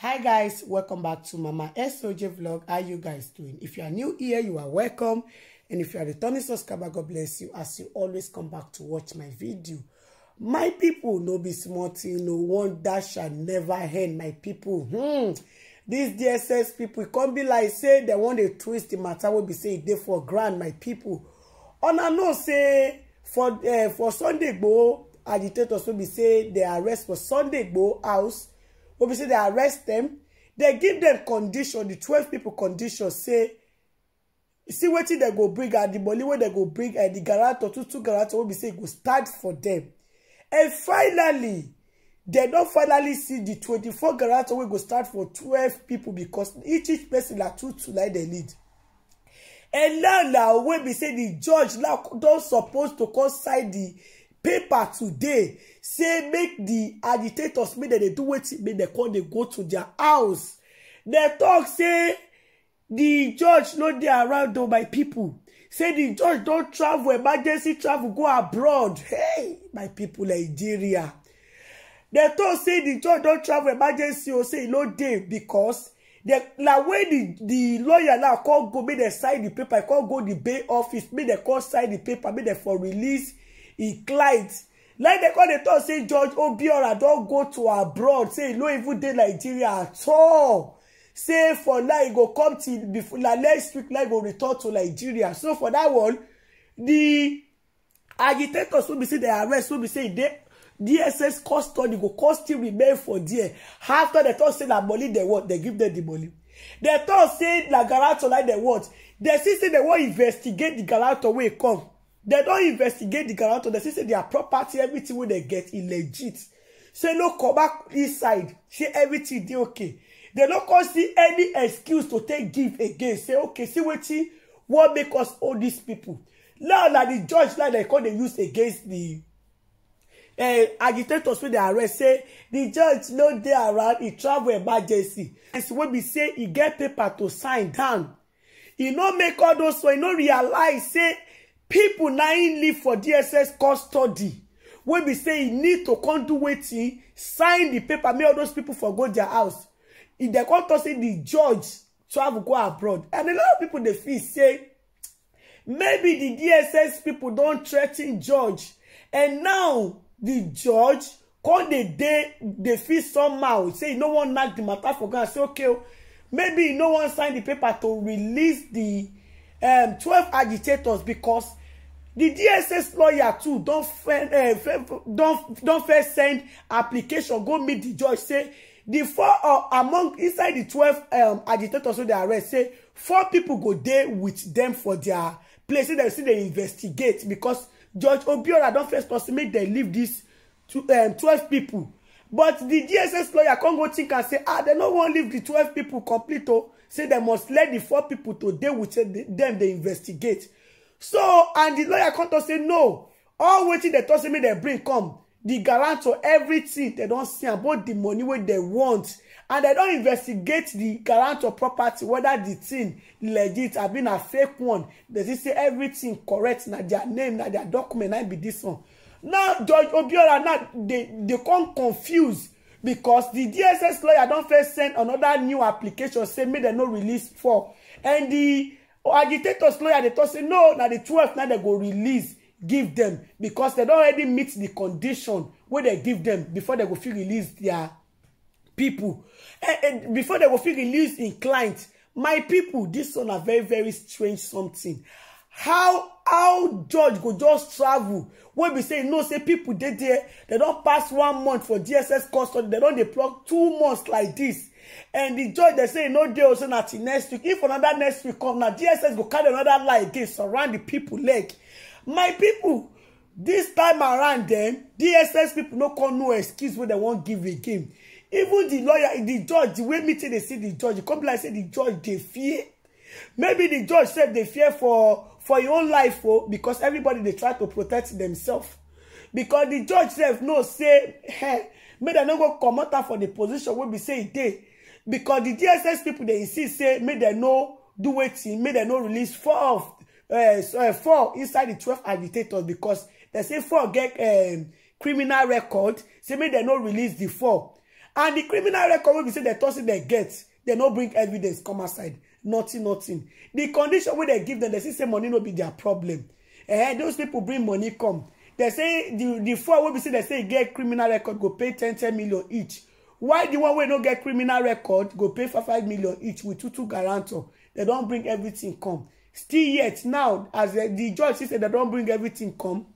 hi guys welcome back to mama soj vlog how you guys doing if you are new here you are welcome and if you are returning subscriber god bless you as you always come back to watch my video my people no be small thing no one that shall never end my people hmm these dss people it can't be like say they want to twist the matter will be say they for grand my people on i know say for uh, for sunday go agitators will be say they arrest for sunday go house obviously they arrest dem they give dem condition di twelve pipo condition say see wetin dem go bring and di money wey dem go bring and di guarantor two two guarantor wey be say go stand for dem and finally dem don finally see di four guarantor wey go stand for twelve pipo becos each each person na two two like dem need and now na wey be say di judge now don suppose to come sign di paper today say make the agitators make dem dey do wetin make dem come dey go to their house They talk say the judge no dey around o my people say the judge don travel emergency travel go abroad hey my people nigeria They talk say the judge don travel emergency o say e no dey becos na when the lawyer now come go make dem sign the paper come go the bail office make dem come sign the paper make dem for release He climbed like they call the talk say george obiora don go to abroad say e no even dey nigeria at all say for now he go come till before na next week Now e go return to nigeria so for that one the agitators wey be say dem arrest wey be say e dey dss custody go come still remain for there after dem talk say na money dem want dem give dem the money dem talk say na guarantor like dem want dem see say dem wan investigate the guarantor wey come They don investigate the guarantor They see say their property everything wey they get illegit say no come back inside say everything dey okay They no come see any excuse to take give again say okay see wetin wan make us hold these people? now na the judge line they come dey use against di eh, agitators wey dey arrest say di judge no dey around e travel emergency as wey be say e get paper to sign down e no make all those so e no realize say People na im leave for dss custody wey be say e need to come do wetin sign the paper make all those people for go dia house e dey come tok say the judge travel go abroad and a lot of people, dey feel say maybe the dss people don threaten judge and now the judge come dey dey feel somehow say e no wan knack the matter for ground say okay oh, maybe e no wan sign the paper to release di um, agitators because the dss lawyer too don't eh, don't don't first send application go meet the judge say the four uh, among inside the di 12 um, agitators wey dey arrest say four people go there with them for their place they see they investigate because judge obiora don't first person make dem leave dis um, twelve people but the dss lawyer can't go think and say ah dem no wan leave the twelve people complete oh say they must let the four people to dey with eh, them they investigate so and the lawyer come tok say no all waiting, they tok me make dem bring come the guarantor everything they don't see about the money wey they want and they don't investigate the guarantor property whether the thing legit i been a fake one They just say everything correct na their name na their document na be this one now George obiora now they they come confuse because the dss lawyer don't first send another new application say me they no release for and the agitators lawyer dey talk say no na the twelve na dem go release give dem because dem don already meet the condition wey dem give dem before dem go fit release their people and and before dem go fit release im client my people this one na very very strange something how how judge go just travel wey be say you know say people dey there dem don pass one month for dss custody dem don dey plug two months like this and the judge dey say no dey also oh, na till next week if another next week come na dss go carry another lie again surround the people leg my people this time around dem dss people no come no excuse wey dem wan give again even the lawyer the judge the way meeting dey see the judge e come be like say the judge dey fear maybe the judge sef dey fear for for im own life o oh, because everybody dey try to protect themselves because the judge sef know say hey, make dem no go comot am for the position wey be say e dey because the dss people they insist say make dem no do wetin make dem no release four of eh, eh, four inside the twelve agitators because they say four get eh, criminal record say make dem no release the four and the criminal record wey be say they tossing say dem get dem no bring evidence come aside nothing nothing The condition where they give them, they say say money no be their problem eh those people bring money come They say the the four wey be say they say get criminal record go pay 10 10 million each why the one wey no get criminal record go pay five five million each with two two guarantor dem don bring everything come still yet now as the, eh, the judge see say dem don bring everything come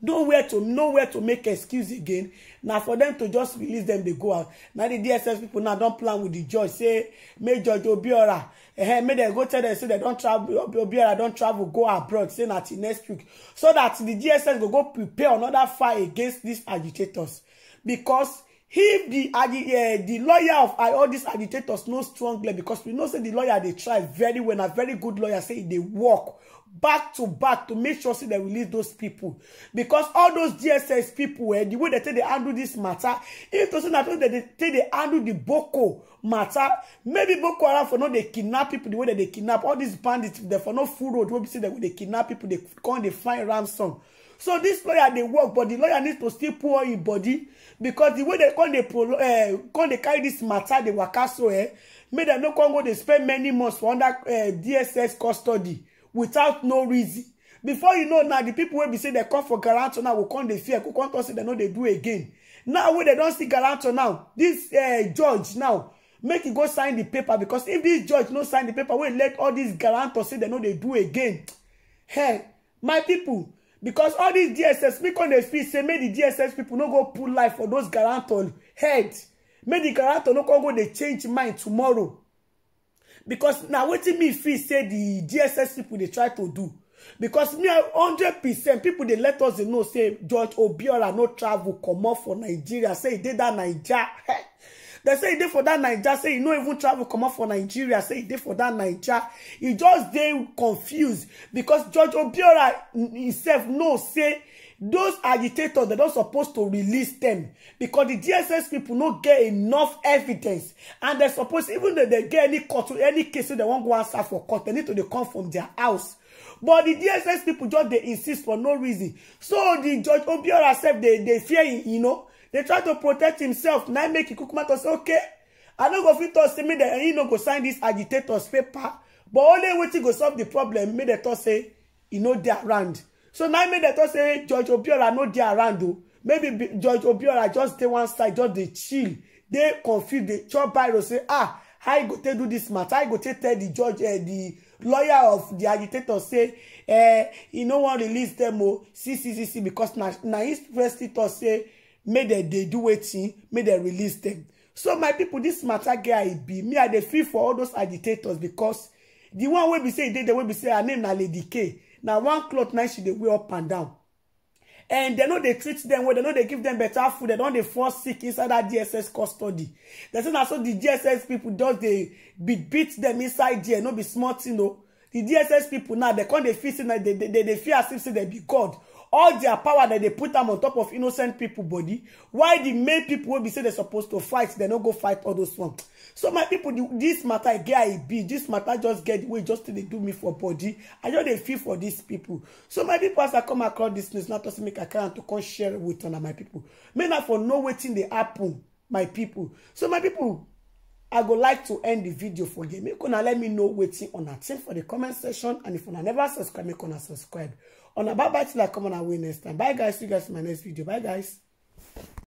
nowhere to nowhere to make excuse again na for dem to just release dem dey go out na the dss people now don plan with the judge say make judge obiora eh, make dem go tell dem say dem don travel obiora don travel go abroad say na till next week so that the dss go go prepare another fight against these agitators because if uh, the uh, the lawyer of uh, all these agitators no strong because we know say the lawyer they try very well a very good lawyer say they dey work back to back to make sure say dem release those people because all those dss pipo eh, the way they take they handle this matter if to say na so dem take dey handle the boko matter maybe boko haram for no they kidnap people the way that they kidnap all these bandits they for no full road wey be see that they kidnap people they call dey find ransom so this lawyer dey work but the lawyer need to still pour im body becos di way they come dey eh, come dey carry this matter dey waka so eh make dem no come go dey spend many months for under eh, dss custody without no reason before you know now the people wey be say dem come for galanto now go come dey fear go come talk say dem no dey do again now wey dem don see galanto now dis eh, judge now make e go sign the paper because if this judge no sign the paper wey let all these galanto say dem no dey do again hey my people because all these dss make on dey speak say make the dss people no go put life for those guarantor head make the guarantor no come go dey change mind tomorrow because na wetin me feel say the dss people dey try to do because me hundred percent people dey let us know say george obiora no travel comot for nigeria say e dey dat naija They say e dey for that Niger. say you e no even travel come up for nigeria say e dey for that Niger. e just they confused because George obiora himself know say those agitators dem don supposed to release them because the dss people not get enough evidence and dem suppose even though they get any court any case wey dem wan go answer for court They need to they come from their house but the dss people just they insist for no reason so di judge obiora they they fear you know dey try to protect himself na make e kukuma to say okay i no go fit talk say make dem he no go sign dis agitators paper but only wetin go solve di problem make dem talk say e no dey around so na make dem talk say george obiora no dey around o oh. maybe george obiora just dey one side just dey chill dey confused dey chop biro say ah how you go take do this matter how you go take tell the judge eh, the lawyer of the agitator say eh he no wan release dem o ccc because na his first talk say May they dey do wetin May they release them. so my people, this matter get e be me i dey feel for all those agitators because the one wey be say they, the there wey be say her name na lady k Now one cloth night she dey wear up and down and they know they treat them well They know they give them better food They don they fall sick inside that dss custody They say na so di dss pipo they be beat them inside there no be smart tin o The dss people now they come they feel They they they feel as if say be god all their power that they put them on top of innocent people body Why the main people will be say they supposed to fight they no go fight all those ones so my people this matter get how be this matter just get away. way just they do me for body i know dey feel for these people so my people as i come across this news not just make i carry to come share with una my people May not for no waiting dey happen my people so my people I go like to end the video for here. You una let me know on that. think for the comment section and if una never subscribe, you una subscribe on About Bites till I come on our way next time. Bye guys, see you guys in my next video. Bye guys.